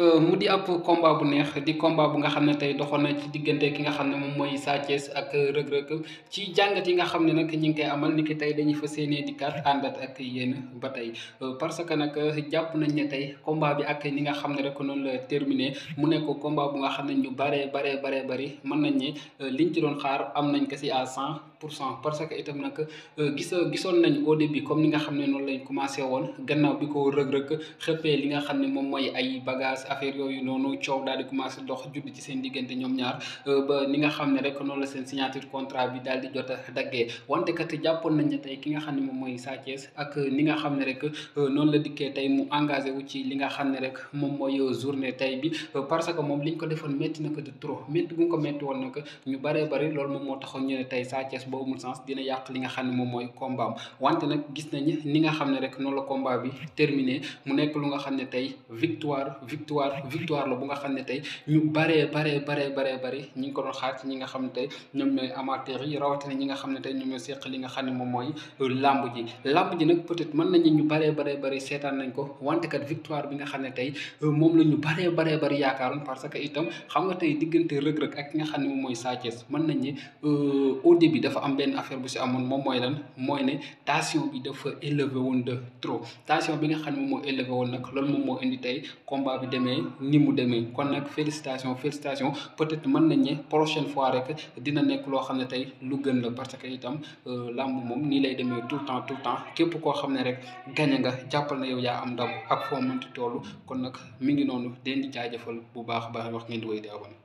Euh, mu di ab combat bu neex di combat bu nga xam ne tey doxoon na ci diggante ki nga xam ne moom mooy Sa Thiès ak Reug Reug ci jàngat yi nga xam ne nag ñu ngi koy amal ni ki tey dañuy fas yéenee dikkaat àndat ak yéen ba tey euh, parce que nag jàpp nañ ne tey combat bi ak ñi nga xam ne rek noonu la terminé mu nekk combat bu nga xam ne ñu baree baree baree bari mën nañ ne euh, li ci doon xaar am nañ ko si à cent pour cent parce que itam nag gis gisoon nañ au début comme ni nga xam ne noonu lañ commencé woon gannaaw bi ko Reug Reug xëppee li nga xam ne moom mooy ay bagage classe affaire yooyu noonu coow daal di commencé dox judd ci seen diggante ñoom ñaar euh, ba ni nga xam ne rek noonu la seen signature contrat bi daal di jot a daggee wante kat jàppoon nañ tey ki nga xam ne moom mooy Sa ak ni nga xam ne rek euh, noonu la dikkee tey mu engagé wu ci li nga xam ne rek moom mooy euh, journée tey bi parce que moom li liñ ko defoon métti na ko de trop métti bu ko métti woon na ñu bëree bëri loolu moom moo taxoon ñu ne tey Sa Thiès boobu mu sens dina yàq li nga xam ne moom mooy combat am wante nag gis nañ ni nga xam ne rek noonu la combat bi terminé mu nekk lu nga xam ne tey victoire victoire la bu nga xam ne tey ñu baree baree baree baree bari ñi ngi ko doon xaar ci ñi nga xam ne tey ñoom ñooy amateurs yi rawatina ñi nga xam ne tey ñoom ñooy seq li nga xam ne moom mooy làmb ji làmb ji nag peut-être mën nañu ñu baree baree bari seetaan nañ ko wante kat victoire bi nga xam ne tey euh, moom la ñu baree baree bari yaakaaroon parce que itam xam nga tey diggante rëg-rëg ak ki nga xam ne moom mooy Sa Thiès mën nañ ne euh, au début dafa am benn affaire bu si amoon moom mooy lan mooy ne tension bi dafa élevé woon de trop tension bi nga xam ne moom moo élevé woon nag loolu moom moo indi tey combat bi dem demee ni mu demee kon nag félicitation félicitation peut-être mën nañ ne prochaine fois rek dina nekk loo xam ne tey lu gën la parce que itam euh, làmb moom nii lay demee tout le temps tout temps képp koo xam ne rek gañe nga jàppal na yow yaa am ndam ak foo mënti toll kon nag mi ngi noonu den di jaajëfal bu baax a baax wax ngeen di wéy di abonné